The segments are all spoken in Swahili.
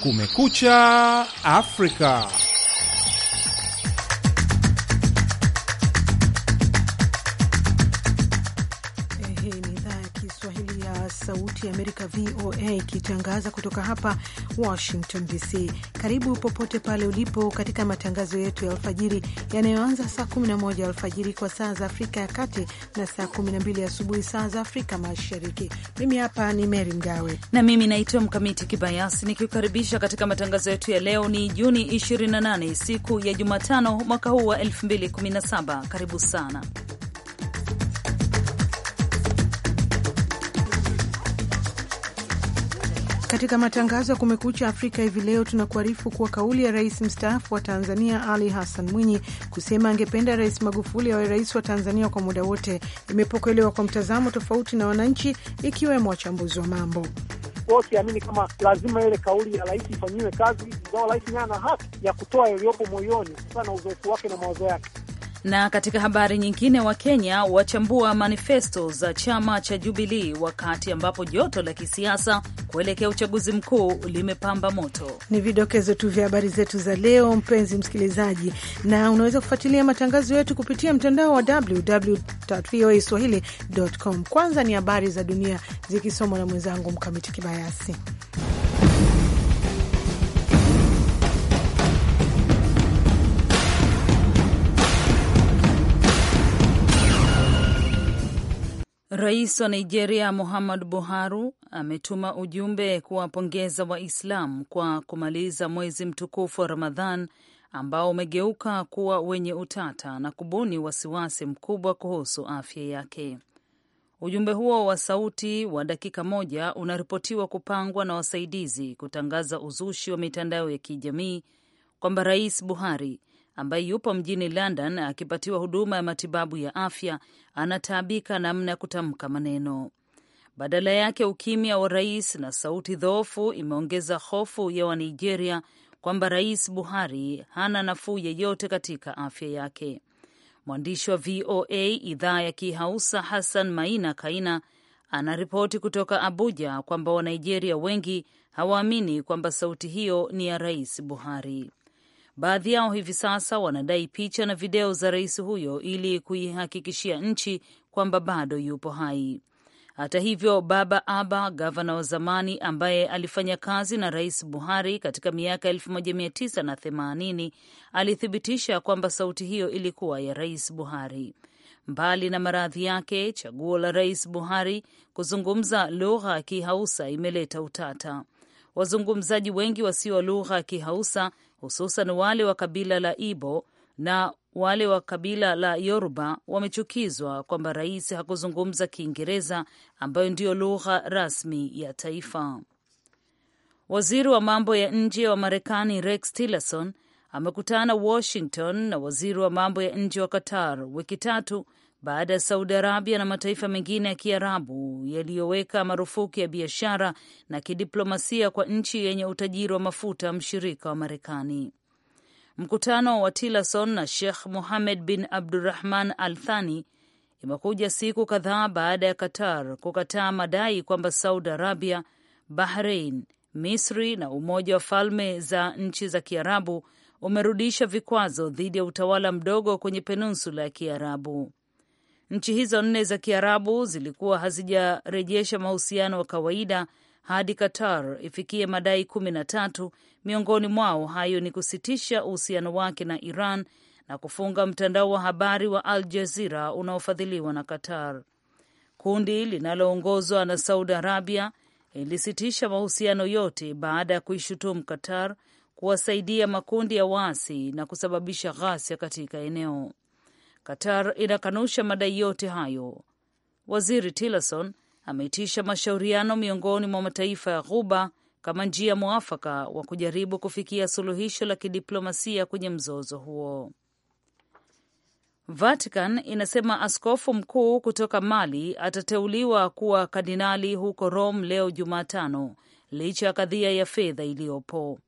Kumekucha Afrika. Amerika VOA ikitangaza kutoka hapa Washington DC. Karibu popote pale ulipo katika matangazo yetu ya alfajiri yanayoanza saa 11 alfajiri kwa saa za Afrika ya Kati na saa 12 asubuhi saa za Afrika Mashariki. Mimi hapa ni Mary Mgawe na mimi naitwa Mkamiti Kibayasi nikikaribisha katika matangazo yetu ya leo. Ni Juni 28 siku ya Jumatano mwaka huu wa 2017. Karibu sana Katika matangazo ya Kumekucha Afrika hivi leo tunakuarifu kuwa kauli ya rais mstaafu wa Tanzania Ali Hassan Mwinyi kusema angependa Rais Magufuli awe rais wa Tanzania kwa muda wote imepokelewa kwa mtazamo tofauti na wananchi, ikiwemo wachambuzi wa mambo wakiamini kama lazima ile kauli ya rais ifanyiwe kazi, ingawa rais naye ana haki ya kutoa yaliyopo moyoni kutokana na uzoefu wake na mawazo yake. Na katika habari nyingine, Wakenya wachambua manifesto za chama cha Jubilii wakati ambapo joto la kisiasa kuelekea uchaguzi mkuu limepamba moto. Ni vidokezo tu vya habari zetu za leo, mpenzi msikilizaji, na unaweza kufuatilia matangazo yetu kupitia mtandao wa www.voaswahili.com. Kwanza ni habari za dunia zikisomwa na mwenzangu Mkamiti Kibayasi. Rais wa Nigeria Muhammadu Buhari ametuma ujumbe kuwapongeza waislam kwa kumaliza mwezi mtukufu wa Ramadhan ambao umegeuka kuwa wenye utata na kubuni wasiwasi mkubwa kuhusu afya yake. Ujumbe huo wa sauti wa dakika moja unaripotiwa kupangwa na wasaidizi kutangaza uzushi wa mitandao ya kijamii kwamba Rais Buhari ambaye yupo mjini London akipatiwa huduma ya matibabu ya afya anataabika namna ya kutamka maneno. Badala yake, ukimya wa rais na sauti dhoofu imeongeza hofu ya Wanigeria kwamba Rais Buhari hana nafuu yeyote katika afya yake. Mwandishi wa VOA idhaa ya Kihausa Hassan Maina Kaina anaripoti kutoka Abuja kwamba Wanigeria wengi hawaamini kwamba sauti hiyo ni ya Rais Buhari. Baadhi yao hivi sasa wanadai picha na video za rais huyo ili kuihakikishia nchi kwamba bado yupo hai. Hata hivyo, Baba Aba, gavana wa zamani ambaye alifanya kazi na Rais Buhari katika miaka 1980 alithibitisha kwamba sauti hiyo ilikuwa ya Rais Buhari. Mbali na maradhi yake, chaguo la Rais Buhari kuzungumza lugha ya Kihausa imeleta utata. Wazungumzaji wengi wasio lugha ya Kihausa hususan wale wa kabila la Ibo na wale wa kabila la Yoruba wamechukizwa kwamba rais hakuzungumza Kiingereza ambayo ndiyo lugha rasmi ya taifa. Waziri wa mambo ya nje wa Marekani Rex Tillerson amekutana Washington na waziri wa mambo ya nje wa Qatar wiki tatu baada ya Saudi Arabia na mataifa mengine ya Kiarabu yaliyoweka marufuku ya biashara na kidiplomasia kwa nchi yenye utajiri wa mafuta mshirika wa Marekani. Mkutano wa Tillerson na Sheikh Mohammed bin Abdurrahman Al Thani imekuja siku kadhaa baada ya Qatar kukataa madai kwamba Saudi Arabia, Bahrain, Misri na Umoja wa Falme za Nchi za Kiarabu umerudisha vikwazo dhidi ya utawala mdogo kwenye peninsula ya Kiarabu. Nchi hizo nne za Kiarabu zilikuwa hazijarejesha mahusiano wa kawaida hadi Qatar ifikie madai kumi na tatu. Miongoni mwao hayo ni kusitisha uhusiano wake na Iran na kufunga mtandao wa habari wa Al Jazira unaofadhiliwa na Qatar. Kundi linaloongozwa na Saudi Arabia ilisitisha mahusiano yote baada ya kuishutumu Qatar kuwasaidia makundi ya waasi na kusababisha ghasia katika eneo. Qatar inakanusha madai yote hayo. Waziri Tillerson ameitisha mashauriano miongoni mwa mataifa ya Ghuba kama njia mwafaka wa kujaribu kufikia suluhisho la kidiplomasia kwenye mzozo huo. Vatican inasema askofu mkuu kutoka Mali atateuliwa kuwa kardinali huko Rome leo Jumatano, licha ya kadhia ya fedha iliyopo.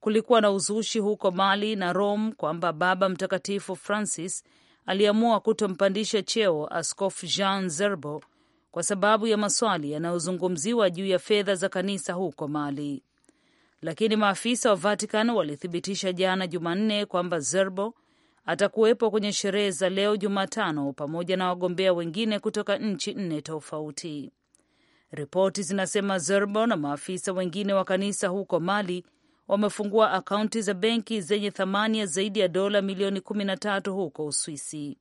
Kulikuwa na uzushi huko Mali na Rome kwamba Baba Mtakatifu Francis aliamua kutompandisha cheo Askofu Jean Zerbo kwa sababu ya maswali yanayozungumziwa juu ya fedha za kanisa huko Mali, lakini maafisa wa Vatican walithibitisha jana Jumanne kwamba Zerbo atakuwepo kwenye sherehe za leo Jumatano pamoja na wagombea wengine kutoka nchi nne tofauti. Ripoti zinasema Zerbo na maafisa wengine wa kanisa huko Mali wamefungua akaunti za benki zenye thamani ya zaidi ya dola milioni 13 huko Uswisi.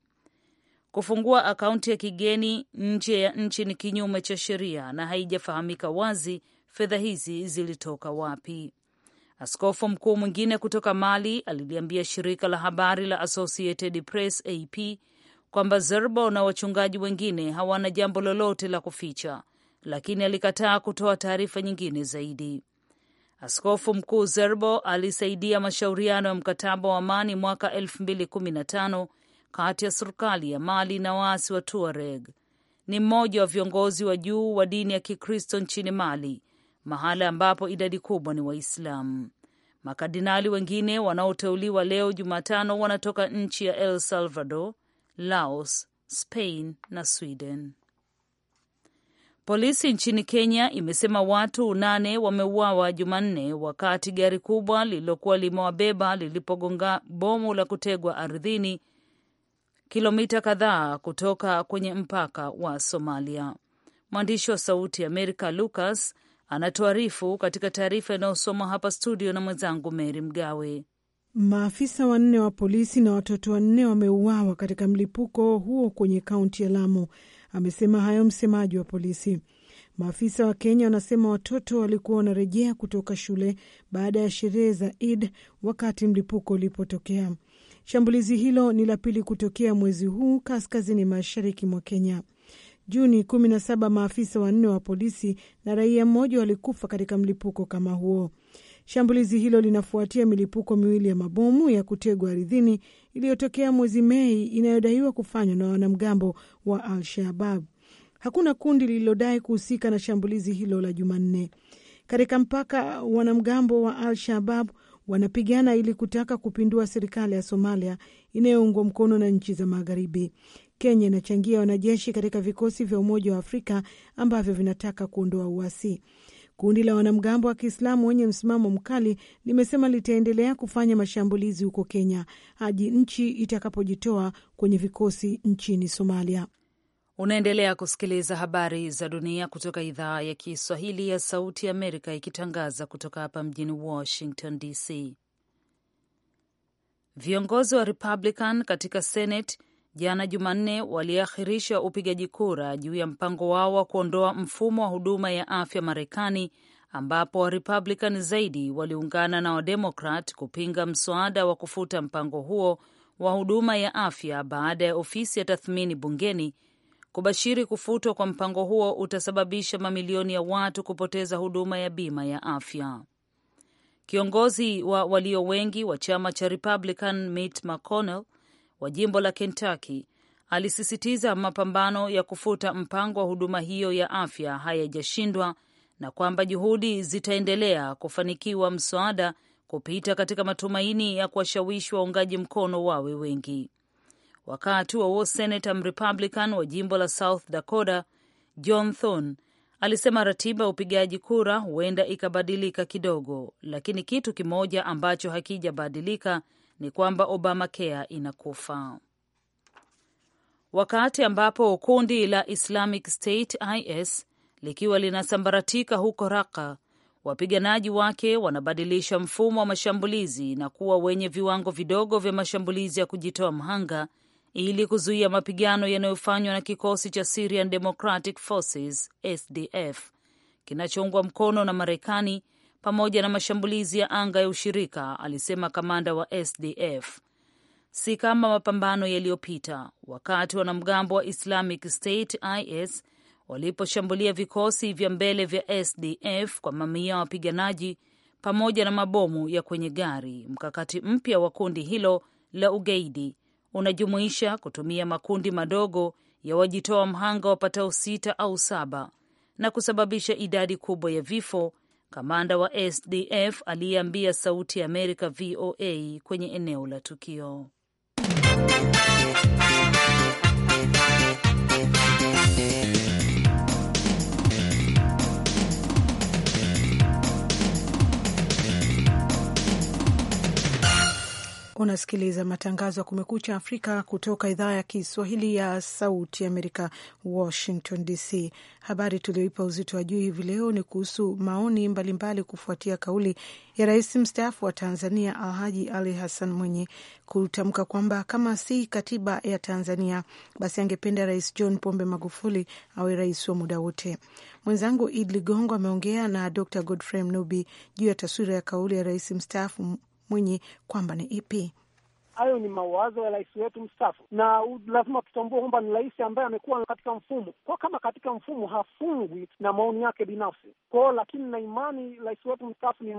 Kufungua akaunti ya kigeni nje ya nchi ni kinyume cha sheria na haijafahamika wazi fedha hizi zilitoka wapi. Askofu mkuu mwingine kutoka Mali aliliambia shirika la habari la Associated Press AP kwamba Zerbo na wachungaji wengine hawana jambo lolote la kuficha, lakini alikataa kutoa taarifa nyingine zaidi. Askofu Mkuu Zerbo alisaidia mashauriano ya mkataba wa amani mwaka 2015 kati ya serikali ya Mali na waasi wa Tuareg. Ni mmoja wa viongozi wa juu wa dini ya Kikristo nchini Mali, mahala ambapo idadi kubwa ni Waislamu. Makardinali wengine wanaoteuliwa leo Jumatano wanatoka nchi ya El Salvador, Laos, Spain na Sweden. Polisi nchini Kenya imesema watu nane wameuawa Jumanne wakati gari kubwa lililokuwa limewabeba lilipogonga bomu la kutegwa ardhini kilomita kadhaa kutoka kwenye mpaka wa Somalia. Mwandishi wa Sauti ya Amerika Lucas anatuarifu katika taarifa inayosomwa hapa studio na mwenzangu Meri Mgawe. Maafisa wanne wa polisi na watoto wanne wameuawa katika mlipuko huo kwenye kaunti ya Lamu Amesema hayo msemaji wa polisi. Maafisa wa Kenya wanasema watoto walikuwa wanarejea kutoka shule baada ya sherehe za id wakati mlipuko ulipotokea. Shambulizi hilo ni la pili kutokea mwezi huu kaskazini mashariki mwa Kenya. Juni 17 maafisa wanne wa polisi na raia mmoja walikufa katika mlipuko kama huo. Shambulizi hilo linafuatia milipuko miwili ya mabomu ya kutegwa ardhini iliyotokea mwezi Mei inayodaiwa kufanywa na wanamgambo wa Al Shabab. Hakuna kundi lililodai kuhusika na shambulizi hilo la Jumanne. Katika mpaka, wanamgambo wa Al Shabab wanapigana ili kutaka kupindua serikali ya Somalia inayoungwa mkono na nchi za Magharibi. Kenya inachangia wanajeshi katika vikosi vya Umoja wa Afrika ambavyo vinataka kuondoa uasi. Kundi la wanamgambo wa Kiislamu wenye msimamo mkali limesema litaendelea kufanya mashambulizi huko Kenya hadi nchi itakapojitoa kwenye vikosi nchini Somalia. Unaendelea kusikiliza habari za dunia kutoka idhaa ya Kiswahili ya Sauti ya Amerika, ikitangaza kutoka hapa mjini Washington DC. Viongozi wa Republican katika Senate jana Jumanne waliakhirisha upigaji kura juu ya mpango wao wa kuondoa mfumo wa huduma ya afya Marekani, ambapo Warepublican zaidi waliungana na Wademokrat kupinga mswada wa kufuta mpango huo wa huduma ya afya baada ya ofisi ya tathmini bungeni kubashiri kufutwa kwa mpango huo utasababisha mamilioni ya watu kupoteza huduma ya bima ya afya. Kiongozi wa walio wengi wa chama cha Republican Mitch McConnell wa jimbo la Kentucky alisisitiza mapambano ya kufuta mpango wa huduma hiyo ya afya hayajashindwa na kwamba juhudi zitaendelea kufanikiwa mswada kupita katika matumaini ya kuwashawishi waungaji mkono wawe wengi. Wakati wa senata Mrepublican wa jimbo la South Dakota John Thune alisema ratiba ya upigaji kura huenda ikabadilika kidogo, lakini kitu kimoja ambacho hakijabadilika ni kwamba Obamacare inakufa. Wakati ambapo kundi la Islamic State IS likiwa linasambaratika huko Raqqa, wapiganaji wake wanabadilisha mfumo wa mashambulizi na kuwa wenye viwango vidogo vya mashambulizi ya kujitoa mhanga ili kuzuia mapigano yanayofanywa na kikosi cha Syrian Democratic Forces SDF kinachoungwa mkono na Marekani pamoja na mashambulizi ya anga ya ushirika, alisema kamanda wa SDF. Si kama mapambano yaliyopita wakati wanamgambo wa Islamic State IS waliposhambulia vikosi vya mbele vya SDF kwa mamia ya wapiganaji pamoja na mabomu ya kwenye gari. Mkakati mpya wa kundi hilo la ugaidi unajumuisha kutumia makundi madogo ya wajitoa mhanga wapatao sita au saba na kusababisha idadi kubwa ya vifo Kamanda wa SDF aliyeambia Sauti ya Amerika VOA kwenye eneo la tukio Unasikiliza matangazo ya Kumekucha Afrika kutoka idhaa ya Kiswahili ya Sauti Amerika, Washington DC. Habari tulioipa uzito wa juu hivi leo ni kuhusu maoni mbalimbali mbali kufuatia kauli ya rais mstaafu wa Tanzania Alhaji Ali Hassan Mwinyi kutamka kwamba kama si katiba ya Tanzania basi angependa Rais John Pombe Magufuli awe rais wa muda wote. Mwenzangu Id Ligongo ameongea na Dr Godfrey Mnubi juu ya taswira ya kauli ya rais mstaafu Mwinyi kwamba ni ipi? Hayo ni mawazo ya rais wetu mstaafu, na lazima tutambue kwamba ni rais ambaye amekuwa katika mfumo kwa kama katika mfumo hafungwi na maoni yake binafsi kwao, lakini na imani, rais wetu mstaafu ni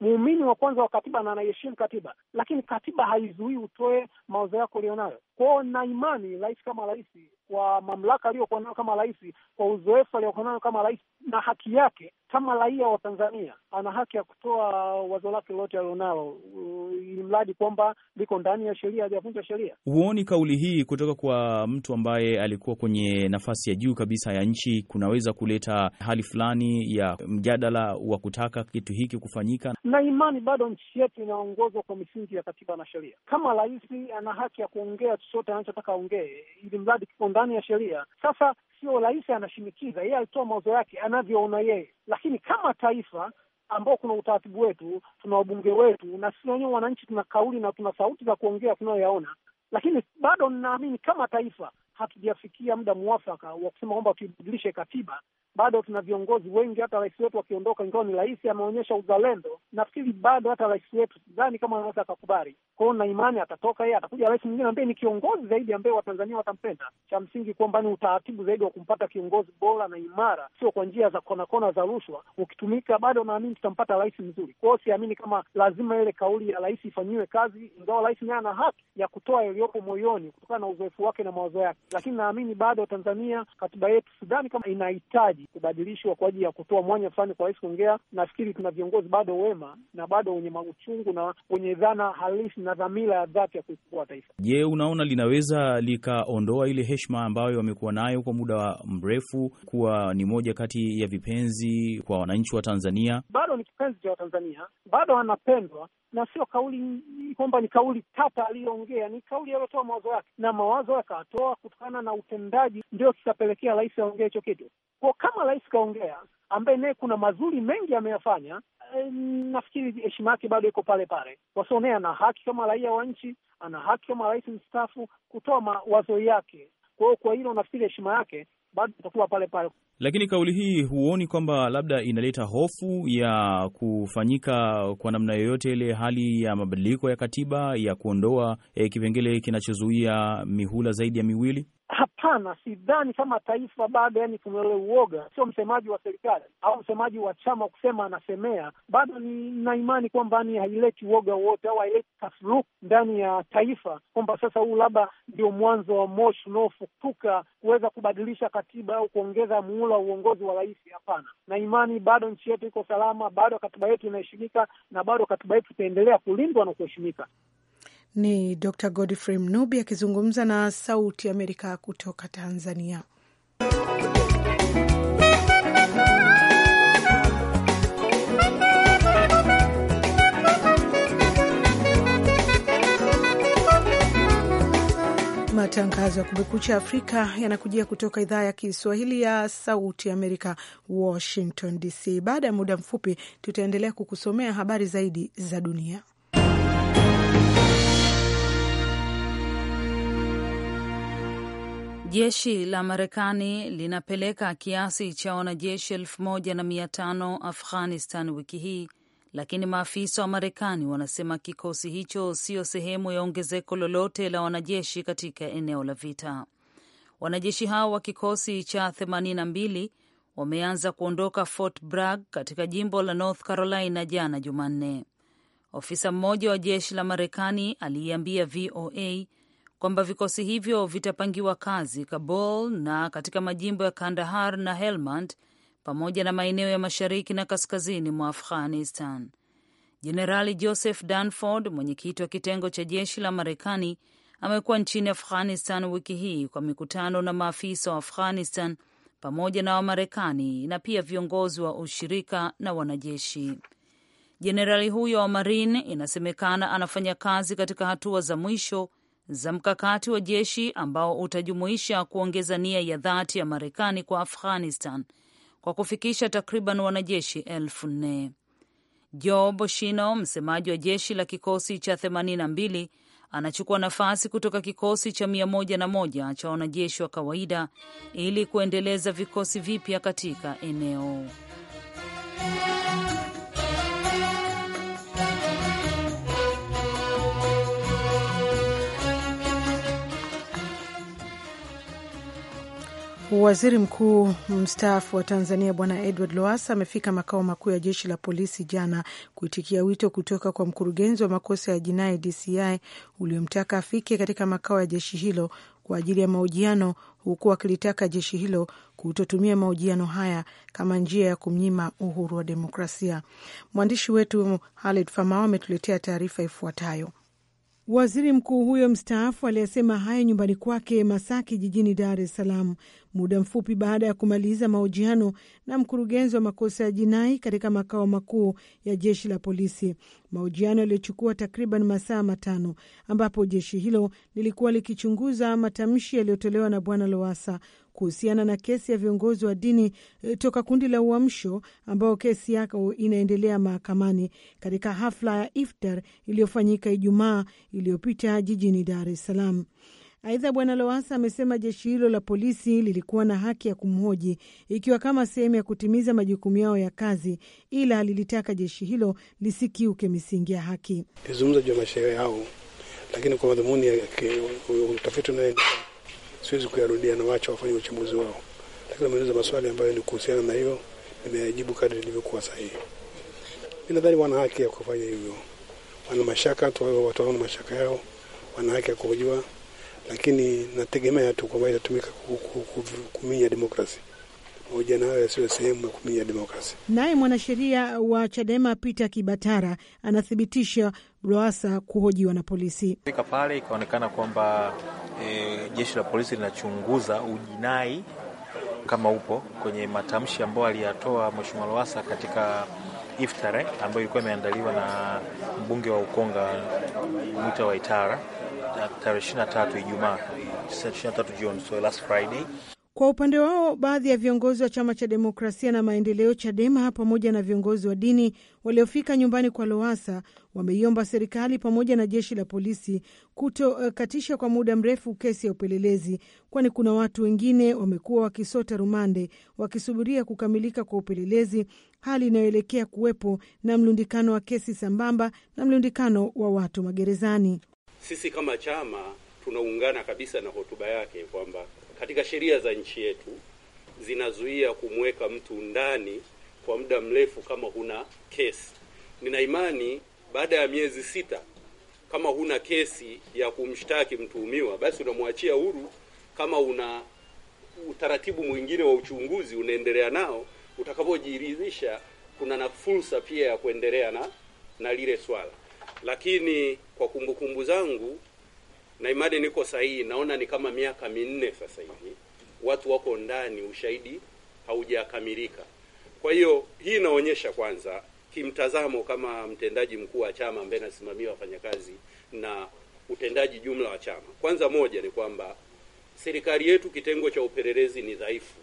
muumini wa kwanza wa katiba na anaiheshimu katiba, lakini katiba haizuii utoe mawazo yako ulionayo kwao, na imani rais kama rais kwa mamlaka aliyokuwa nayo kama rais, kwa uzoefu aliyokuwa nayo kama rais, na haki yake kama raia wa Tanzania. Ana haki ya kutoa wazo lake lolote alionalo, ili mradi kwamba liko ndani ya sheria, hajavunja sheria. Huoni kauli hii kutoka kwa mtu ambaye alikuwa kwenye nafasi ya juu kabisa ya nchi kunaweza kuleta hali fulani ya mjadala wa kutaka kitu hiki kufanyika? Na imani bado nchi yetu inaongozwa kwa misingi ya katiba na sheria. Kama rais ana haki ya kuongea chochote anachotaka aongee, ili mradi kiko ndani ya sheria. Sasa sio rais anashinikiza, yeye alitoa mawazo yake anavyoona yeye, lakini kama taifa ambao kuna utaratibu wetu, tuna wabunge wetu, na sisi wenyewe wananchi tuna kauli na tuna sauti za kuongea tunayoyaona, lakini bado ninaamini kama taifa hatujafikia muda mwafaka wa kusema kwamba tuibadilishe katiba. Bado tuna viongozi wengi, hata rais wetu akiondoka, ingawa ni rais ameonyesha uzalendo, nafikiri bado hata rais wetu sidhani kama anaweza akakubali kwao, na imani atatoka yeye, atakuja rais mwingine ambaye ni kiongozi zaidi, ambaye Watanzania watampenda. Cha msingi kwamba ni utaratibu zaidi wa kumpata kiongozi bora na imara, sio kwa njia za kona kona za rushwa. Ukitumika bado, naamini tutampata rais mzuri. Kwao siamini kama lazima ile kauli ya rais ifanyiwe kazi, ingawa rais naye ana haki ya kutoa yaliyopo moyoni kutokana na uzoefu wake na mawazo yake, lakini naamini bado Tanzania, katiba yetu sidhani kama inahitaji kubadilishwa kwa ajili ya kutoa mwanya fulani kwa rais kuongea. Nafikiri tuna viongozi bado wema na bado wenye mauchungu na wenye dhana halisi na dhamira ya dhati ya kuikomboa taifa. Je, unaona linaweza likaondoa ile heshima ambayo wamekuwa nayo kwa muda mrefu, kuwa ni moja kati ya vipenzi kwa wananchi wa Tanzania? Bado ni kipenzi cha Watanzania, bado anapendwa na sio kauli kwamba ni kauli tata aliyoongea, ni kauli aliyotoa mawazo yake, na mawazo yakatoa kutokana na utendaji, ndio kikapelekea rais aongee hicho kitu. Kwa kama rais kaongea, ambaye naye kuna mazuri mengi ameyafanya, nafikiri heshima yake bado iko pale pale. naye ana haki kama raia wa nchi, ana haki kama rais mstaafu kutoa mawazo yake. Kwa hiyo kwa hilo nafikiri heshima yake bado itakuwa pale pale. Lakini kauli hii huoni kwamba labda inaleta hofu ya kufanyika kwa namna yoyote ile hali ya mabadiliko ya katiba ya kuondoa eh, kipengele kinachozuia mihula zaidi ya miwili? sana. Sidhani kama taifa bado, yani kuna ule uoga. Sio msemaji wa serikali au msemaji wa chama kusema anasemea, bado nina imani kwamba ni haileti uoga wote au haileti tafuruk ndani ya taifa, kwamba sasa huu labda ndio mwanzo wa moshi unaofukuka kuweza kubadilisha katiba au kuongeza muhula wa uongozi wa rais. Hapana, na imani bado nchi yetu iko salama, bado katiba yetu inaheshimika, na bado katiba yetu itaendelea kulindwa na kuheshimika. Ni Dr Godfrey Mnubi akizungumza na Sauti Amerika kutoka Tanzania. Matangazo ya Kumekucha Afrika yanakujia kutoka idhaa ya Kiswahili ya Sauti Amerika, Washington DC. Baada ya muda mfupi, tutaendelea kukusomea habari zaidi za dunia. Jeshi la Marekani linapeleka kiasi cha wanajeshi elfu moja na mia tano Afghanistan wiki hii, lakini maafisa wa Marekani wanasema kikosi hicho sio sehemu ya ongezeko lolote la wanajeshi katika eneo la vita. Wanajeshi hao wa kikosi cha 82 wameanza kuondoka Fort Bragg katika jimbo la North Carolina jana Jumanne. Ofisa mmoja wa jeshi la Marekani aliiambia VOA kwamba vikosi hivyo vitapangiwa kazi Kabul na katika majimbo ya Kandahar na Helmand pamoja na maeneo ya mashariki na kaskazini mwa Afghanistan. Jenerali Joseph Dunford, mwenyekiti wa kitengo cha jeshi la Marekani, amekuwa nchini Afghanistan wiki hii kwa mikutano na maafisa wa Afghanistan pamoja na Wamarekani na pia viongozi wa ushirika na wanajeshi. Jenerali huyo wa Marine inasemekana anafanya kazi katika hatua za mwisho za mkakati wa jeshi ambao utajumuisha kuongeza nia ya dhati ya Marekani kwa Afghanistan kwa kufikisha takriban wanajeshi elfu nne. Joe Boshino, msemaji wa jeshi la kikosi cha 82, anachukua nafasi kutoka kikosi cha 101 cha wanajeshi wa kawaida ili kuendeleza vikosi vipya katika eneo Waziri mkuu mstaafu wa Tanzania Bwana Edward loas amefika makao makuu ya jeshi la polisi jana kuitikia wito kutoka kwa mkurugenzi wa makosa ya jinai DCI uliomtaka afike katika makao ya jeshi hilo kwa ajili ya mahojiano, huku akilitaka jeshi hilo kutotumia mahojiano haya kama njia ya kumnyima uhuru wa demokrasia. Mwandishi wetu Halid Famao ametuletea taarifa ifuatayo. Waziri mkuu huyo mstaafu aliyesema hayo nyumbani kwake Masaki jijini Dar es Salaam muda mfupi baada ya kumaliza mahojiano na mkurugenzi wa makosa ya jinai katika makao makuu ya jeshi la polisi, mahojiano yaliyochukua takriban masaa matano, ambapo jeshi hilo lilikuwa likichunguza matamshi yaliyotolewa na Bwana Lowasa kuhusiana na kesi ya viongozi wa dini eh, toka kundi la Uamsho ambao kesi yako inaendelea mahakamani katika hafla ya iftar iliyofanyika Ijumaa iliyopita jijini Dar es Salaam. Aidha, Bwana Lowasa amesema jeshi hilo la polisi lilikuwa na haki ya kumhoji ikiwa kama sehemu ya kutimiza majukumu yao ya kazi, ila lilitaka jeshi hilo lisikiuke misingi ya haki. Lizungumza juu ya masheria yao, lakini kwa madhumuni ya utafiti unaoendelea siwezi kuyarudia na wacha wafanye uchambuzi wao, lakini ameuliza maswali ambayo ni kuhusiana na hiyo, nimeyajibu kadri nilivyokuwa sahihi. Mimi nadhani wana haki ya kufanya hivyo, wana mashaka tu, watu wana mashaka yao, wana haki ya kujua, lakini nategemea tu kwamba itatumika kuminya demokrasi mahojiano hayo yasiyo sehemu ya kuminya demokrasi. Naye mwanasheria wa Chadema Peter Kibatara anathibitisha Lowassa kuhojiwa na polisi. Fika pale ikaonekana kwamba e, jeshi la polisi linachunguza ujinai kama upo kwenye matamshi ambayo aliyatoa Mheshimiwa Lowassa katika iftare ambayo ilikuwa imeandaliwa na mbunge wa Ukonga Mwita Waitara tarehe 23 Ijumaa 23 Juni, so last Friday. Kwa upande wao baadhi ya viongozi wa chama cha demokrasia na maendeleo Chadema pamoja na viongozi wa dini waliofika nyumbani kwa Lowassa wameiomba serikali pamoja na jeshi la polisi kutokatisha kwa muda mrefu kesi ya upelelezi, kwani kuna watu wengine wamekuwa wakisota rumande wakisubiria kukamilika kwa upelelezi, hali inayoelekea kuwepo na mlundikano wa kesi sambamba na mlundikano wa watu magerezani. Sisi kama chama tunaungana kabisa na hotuba yake kwamba katika sheria za nchi yetu zinazuia kumweka mtu ndani kwa muda mrefu kama huna kesi. Nina imani baada ya miezi sita, kama huna kesi ya kumshtaki mtuhumiwa, basi unamwachia huru. Kama una utaratibu mwingine wa uchunguzi unaendelea nao, utakapojiridhisha kuna na fursa pia ya kuendelea na na lile swala. Lakini kwa kumbukumbu zangu na imani niko sahihi, naona ni kama miaka minne sasa hivi watu wako ndani, ushahidi haujakamilika. Kwa hiyo hii inaonyesha kwanza kimtazamo, kama mtendaji mkuu wa chama ambaye nasimamia wafanyakazi na utendaji jumla wa chama, kwanza moja ni kwamba serikali yetu kitengo cha upelelezi ni dhaifu,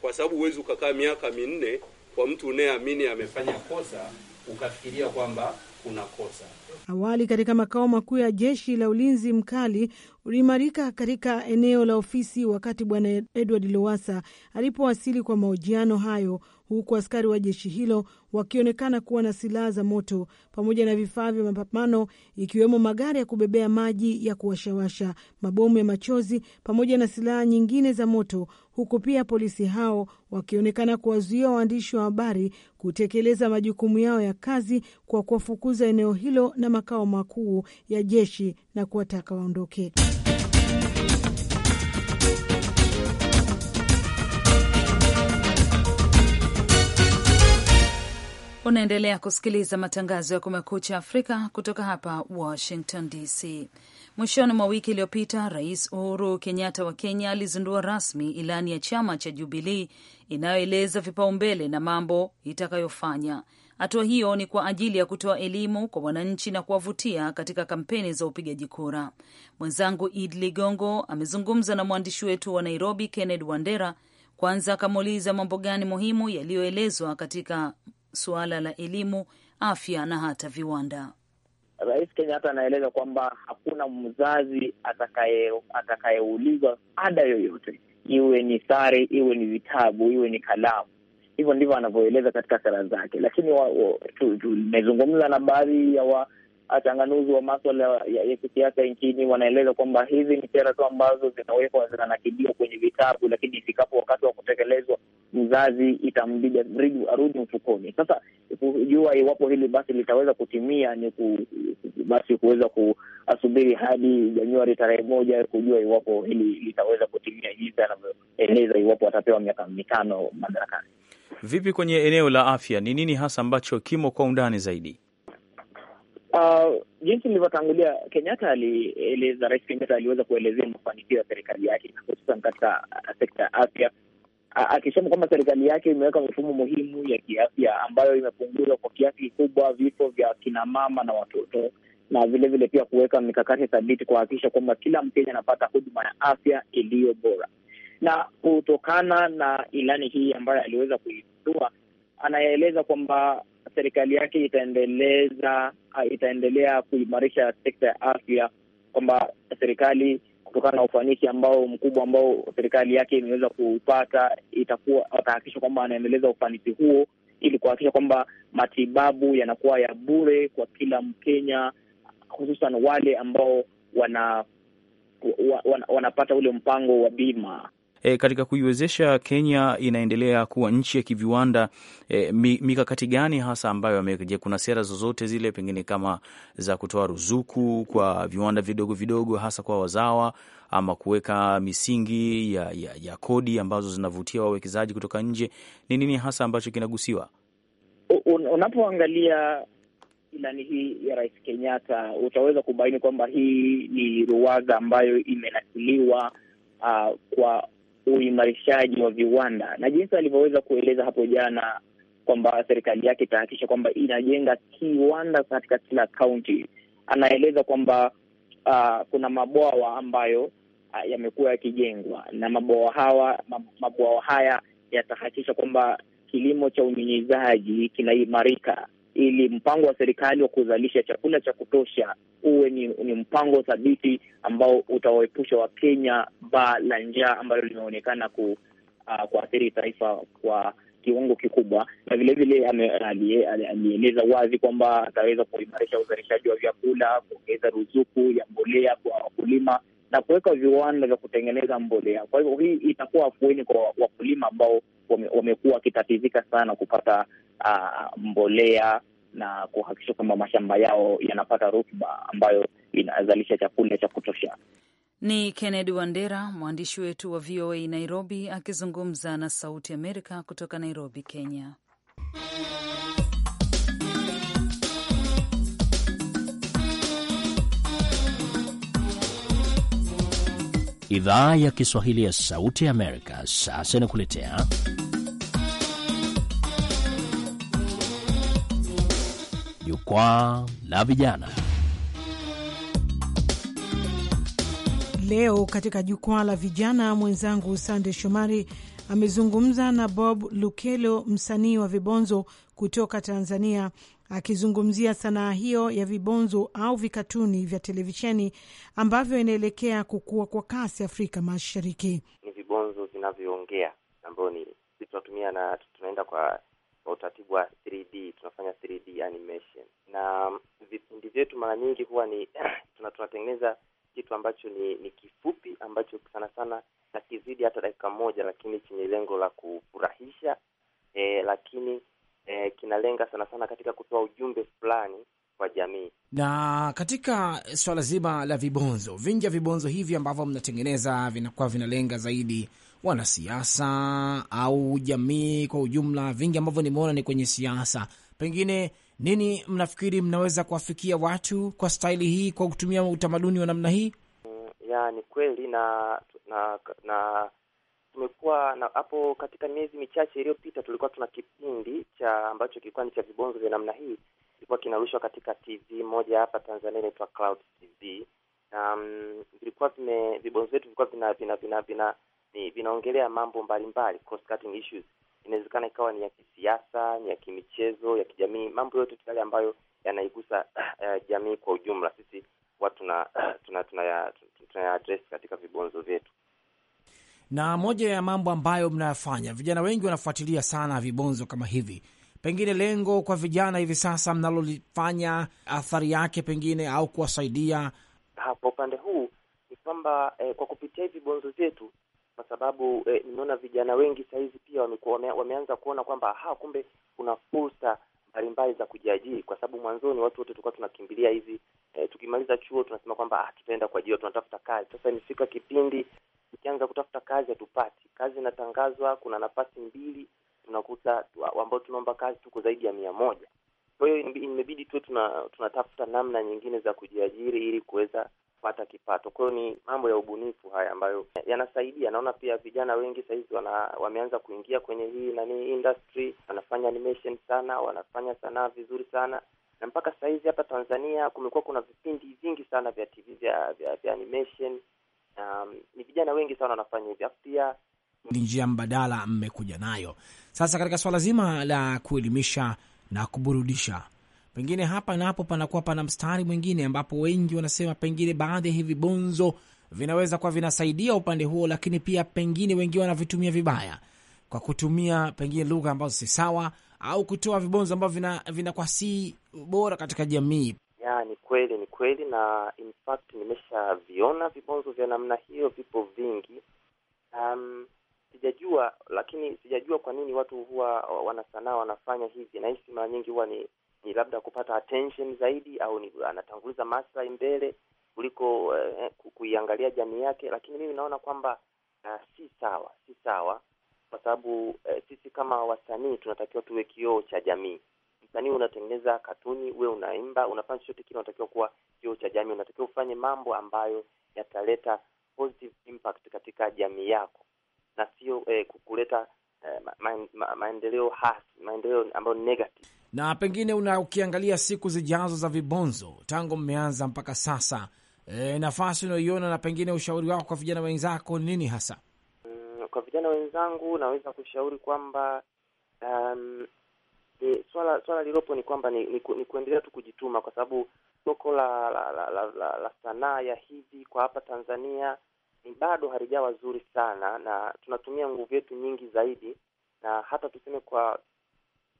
kwa sababu huwezi ukakaa miaka minne kwa mtu unayeamini amefanya kosa ukafikiria kwamba kuna kosa Awali katika makao makuu ya jeshi la ulinzi mkali uliimarika katika eneo la ofisi wakati Bwana Edward Lowasa alipowasili kwa mahojiano hayo, huku askari wa jeshi hilo wakionekana kuwa na silaha za moto pamoja na vifaa vya mapambano ikiwemo magari ya kubebea maji ya kuwashawasha, mabomu ya machozi pamoja na silaha nyingine za moto, huku pia polisi hao wakionekana kuwazuia waandishi wa habari kutekeleza majukumu yao ya kazi kwa kuwafukuza eneo hilo na makao makuu ya jeshi na kuwataka waondoke. Unaendelea kusikiliza matangazo ya Kumekucha Afrika kutoka hapa Washington DC. Mwishoni mwa wiki iliyopita, Rais Uhuru Kenyatta wa Kenya alizindua rasmi ilani ya chama cha Jubilii inayoeleza vipaumbele na mambo itakayofanya Hatua hiyo ni kwa ajili ya kutoa elimu kwa wananchi na kuwavutia katika kampeni za upigaji kura. Mwenzangu Id Ligongo amezungumza na mwandishi wetu wa Nairobi, kenned Wandera. Kwanza akamuuliza mambo gani muhimu yaliyoelezwa katika suala la elimu, afya na hata viwanda. Rais Kenyatta anaeleza kwamba hakuna mzazi atakayeulizwa atakaye ada yoyote, iwe ni sare, iwe ni vitabu, iwe ni kalamu. Hivyo ndivyo anavyoeleza katika sera zake, lakini tumezungumza na baadhi ya wa wachanganuzi wa maswala ya, ya kisiasa nchini wanaeleza kwamba hizi ni sera tu ambazo zinawekwa zinanakidiwa kwenye vitabu, lakini ifikapo wakati wa kutekelezwa mzazi itambidi arudi mfukoni. Sasa kujua iwapo hili basi litaweza kutimia ni ku, basi kuweza kuasubiri hadi Januari tarehe moja kujua iwapo hili litaweza kutimia jinsi anavyoeleza, iwapo atapewa miaka mitano madarakani. Vipi kwenye eneo la afya, ni nini hasa ambacho kimo kwa undani zaidi? Uh, jinsi nilivyotangulia, Kenyatta alieleza, Rais Kenyatta aliweza kuelezea mafanikio ya serikali yake hususan katika uh, sekta ya afya, uh, akisema kwamba serikali yake imeweka mifumo muhimu ya kiafya ambayo imepunguza kwa kiasi kikubwa vifo vya kinamama na watoto na vilevile vile pia kuweka mikakati thabiti kuhakikisha kwamba kila Mkenya anapata huduma ya afya iliyo bora. Na kutokana na ilani hii ambayo aliweza Dua anaeleza kwamba serikali yake itaendeleza itaendelea kuimarisha sekta ya afya, kwamba serikali kutokana na ufanisi ambao mkubwa ambao serikali yake imeweza kuupata, itakuwa atahakikisha kwamba anaendeleza ufanisi huo ili kuhakikisha kwamba matibabu yanakuwa ya bure kwa kila Mkenya, hususan wale ambao wana, wana, wana wanapata ule mpango wa bima e, katika kuiwezesha Kenya inaendelea kuwa nchi ya kiviwanda e, mikakati gani hasa ambayo ameweka? Je, kuna sera zozote zile pengine kama za kutoa ruzuku kwa viwanda vidogo vidogo hasa kwa wazawa ama kuweka misingi ya, ya, ya kodi ambazo zinavutia wawekezaji kutoka nje? Ni nini hasa ambacho kinagusiwa unapoangalia ilani hii ya Rais Kenyatta utaweza kubaini kwamba hii ni ruwaza ambayo imenakiliwa uh, kwa uimarishaji wa viwanda na jinsi alivyoweza kueleza hapo jana kwamba serikali yake itahakikisha kwamba inajenga kiwanda katika kila kaunti. Anaeleza kwamba uh, kuna mabwawa ambayo uh, yamekuwa yakijengwa na mabwawa hawa mabwawa haya yatahakikisha kwamba kilimo cha unyunyizaji kinaimarika ili mpango wa serikali wa kuzalisha chakula cha kutosha uwe ni, ni mpango thabiti ambao utawaepusha Wakenya baa la njaa ambalo limeonekana ku, uh, kuathiri taifa kwa kiwango kikubwa, na vilevile alieleza wazi kwamba ataweza kuimarisha uzalishaji wa vyakula, kuongeza ruzuku ya mbolea kwa wakulima na kuweka viwanda vya kutengeneza mbolea. Kwa hivyo hii itakuwa afueni kwa wakulima ambao wamekuwa wakitatizika sana kupata uh, mbolea na kuhakikisha kwamba mashamba yao yanapata rutuba ambayo inazalisha chakula cha kutosha. Ni Kennedy Wandera, mwandishi wetu wa VOA Nairobi, akizungumza na Sauti Amerika kutoka Nairobi, Kenya. Idhaa ya Kiswahili ya Sauti ya Amerika sasa inakuletea Jukwaa la Vijana. Leo katika Jukwaa la Vijana, mwenzangu Sande Shomari amezungumza na Bob Lukelo, msanii wa vibonzo kutoka Tanzania, akizungumzia sanaa hiyo ya vibonzo au vikatuni vya televisheni ambavyo inaelekea kukua kwa kasi Afrika Mashariki. Ni vibonzo vinavyoongea ambayo ni sisi tunatumia na tunaenda kwa utaratibu wa 3D, tunafanya 3D animation na mm, vipindi vyetu mara nyingi huwa ni tunatengeneza kitu ambacho ni, ni kifupi ambacho sana sana nakizidi hata dakika moja, lakini chenye lengo la kufurahisha eh, lakini e, kinalenga sana sana katika kutoa ujumbe fulani kwa jamii. Na katika swala zima la vibonzo, vingi ya vibonzo hivi ambavyo mnatengeneza vinakuwa vinalenga zaidi wanasiasa au jamii kwa ujumla, vingi ambavyo nimeona ni kwenye siasa. Pengine nini mnafikiri mnaweza kuwafikia watu kwa staili hii, kwa kutumia utamaduni wa namna hii? Mm, ya, ni kweli na na, na tumekuwa na hapo katika miezi michache iliyopita tulikuwa tuna kipindi cha ambacho kilikuwa ni cha vibonzo vya namna hii, kilikuwa kinarushwa katika TV moja hapa Tanzania inaitwa Cloud TV. Um, mm, vilikuwa vime vibonzo vyetu vilikuwa vina vina vina vina vinaongelea mambo mbalimbali, cross cutting issues. Inawezekana ikawa ni ya kisiasa, ni ya kimichezo, ya kijamii, mambo yote yale ambayo yanaigusa uh, jamii kwa ujumla. Sisi huwa tuna uh, tuna tunaya tunaya address katika vibonzo vyetu. Na moja ya mambo ambayo mnayafanya, vijana wengi wanafuatilia sana vibonzo kama hivi, pengine lengo kwa vijana hivi sasa mnalolifanya, athari yake pengine au kuwasaidia kwa upande huu ni kwamba eh, kwa kupitia hivi vibonzo vyetu kwa sababu eh, nimeona vijana wengi sahizi pia wame, wameanza kuona kwamba ha, kumbe kuna fursa mbalimbali za kujiajiri, kwa sababu mwanzoni watu wote tulikuwa tunakimbilia hivi eh, tukimaliza chuo tunasema kwamba ah, tutaenda kuajiriwa, tunatafuta kazi. Sasa imefika kipindi tukianza kutafuta kazi hatupati kazi. Inatangazwa, kuna nafasi mbili, tunakuta ambao tunaomba kazi tuko zaidi ya mia moja. Kwa hiyo imebidi tunatafuta tuna, tunatafuta namna nyingine za kujiajiri ili kuweza kupata kipato. Kwa hiyo ni mambo ya ubunifu haya ambayo yanasaidia. Naona pia vijana wengi sahizi wameanza kuingia kwenye hii nani industry, wanafanya animation sana, wanafanya sanaa vizuri sana na mpaka sahizi hapa Tanzania kumekuwa kuna vipindi vingi sana vya TV vya, vya, vya animation Um, ni vijana wengi sana wanafanya hivi, Afu pia ni njia mbadala mmekuja nayo sasa katika swala zima la kuelimisha na kuburudisha. Pengine hapa na hapo panakuwa pana mstari mwingine ambapo wengi wanasema pengine baadhi ya hivi bonzo vinaweza kuwa vinasaidia upande huo, lakini pia pengine wengi wanavitumia vibaya kwa kutumia pengine lugha ambazo si sawa au kutoa vibonzo ambavyo vinakuwa vina si bora katika jamii. Ya, ni kweli ni kweli, na in fact nimeshaviona vibonzo vya namna hiyo, vipo vingi. Um, sijajua lakini sijajua kwa nini watu huwa wanasanaa wanafanya hivi. Nahisi mara nyingi huwa ni, ni labda kupata attention zaidi, au ni anatanguliza maslahi mbele kuliko eh, kuiangalia jamii yake, lakini mimi naona kwamba uh, si sawa, si sawa kwa sababu eh, sisi kama wasanii tunatakiwa tuwe kioo cha jamii nani, unatengeneza katuni, we unaimba, unafanya chochote kile, unatakiwa kuwa kioo cha jamii, unatakiwa ufanye mambo ambayo yataleta positive impact katika jamii yako na sio eh, kuleta eh, ma, ma, maendeleo hasi, maendeleo ambayo negative. Na pengine una ukiangalia siku zijazo za vibonzo tangu mmeanza mpaka sasa eh, nafasi unaoiona na pengine ushauri wako kwa vijana wenzako nini hasa? Mm, kwa vijana wenzangu naweza kushauri kwamba um, e, swala swala lilopo ni kwamba ni, ni, ni kuendelea tu kujituma, kwa sababu soko la la, la, la, la, la sanaa ya hivi kwa hapa Tanzania ni bado halijawa zuri sana, na tunatumia nguvu yetu nyingi zaidi, na hata tuseme kwa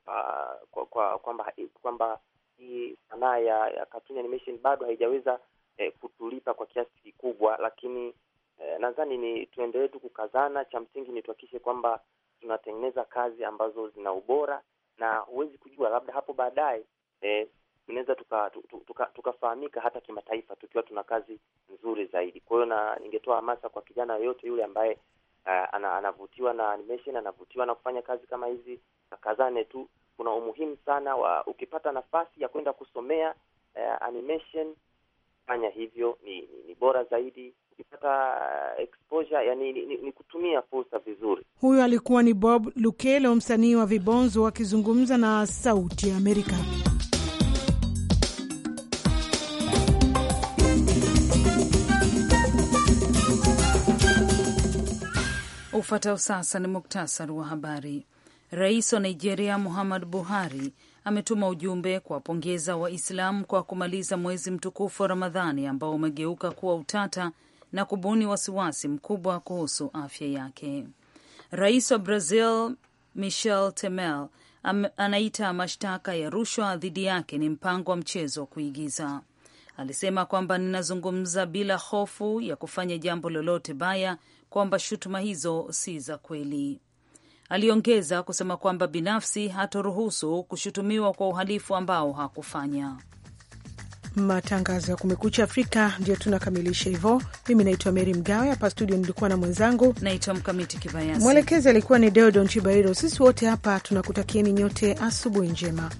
uh, kwa kwamba kwamba hii sanaa ya, ya cartoon animation bado haijaweza eh, kutulipa kwa kiasi kikubwa, lakini eh, nadhani ni tuendelee tu kukazana. Cha msingi ni tuhakikishe kwamba tunatengeneza kazi ambazo zina ubora na huwezi kujua, labda hapo baadaye eh, tunaweza tukafahamika tuka, tuka, tuka hata kimataifa tukiwa tuna kazi nzuri zaidi. Kwa hiyo na ningetoa hamasa kwa kijana yoyote yule ambaye uh, ana, anavutiwa na animation, anavutiwa na kufanya kazi kama hizi, akazane tu. Kuna umuhimu sana wa ukipata nafasi ya kwenda kusomea uh, animation, fanya hivyo, ni, ni, ni bora zaidi ukipata exposure yani ni, ni, ni kutumia fursa vizuri. Huyo alikuwa ni Bob Lukelo, msanii wa vibonzo akizungumza na Sauti ya Amerika. Ufuatao sasa ni muktasari wa habari. Rais wa Nigeria Muhammad Buhari ametuma ujumbe kuwapongeza Waislamu kwa kumaliza mwezi mtukufu wa Ramadhani ambao umegeuka kuwa utata na kubuni wasiwasi mkubwa kuhusu afya yake. Rais wa Brazil Michel Temer am, anaita mashtaka ya rushwa dhidi yake ni mpango wa mchezo wa kuigiza. Alisema kwamba ninazungumza bila hofu ya kufanya jambo lolote baya, kwamba shutuma hizo si za kweli. Aliongeza kusema kwamba binafsi hatoruhusu kushutumiwa kwa uhalifu ambao hakufanya matangazo ya Kumekucha Afrika. Ndio tunakamilisha hivyo. Mimi naitwa Meri Mgawe, hapa studio nilikuwa na mwenzangu naitwa Mkamiti Kibayasi, mwelekezi alikuwa ni Deodon Chibairo. Sisi wote hapa tunakutakieni nyote asubuhi njema.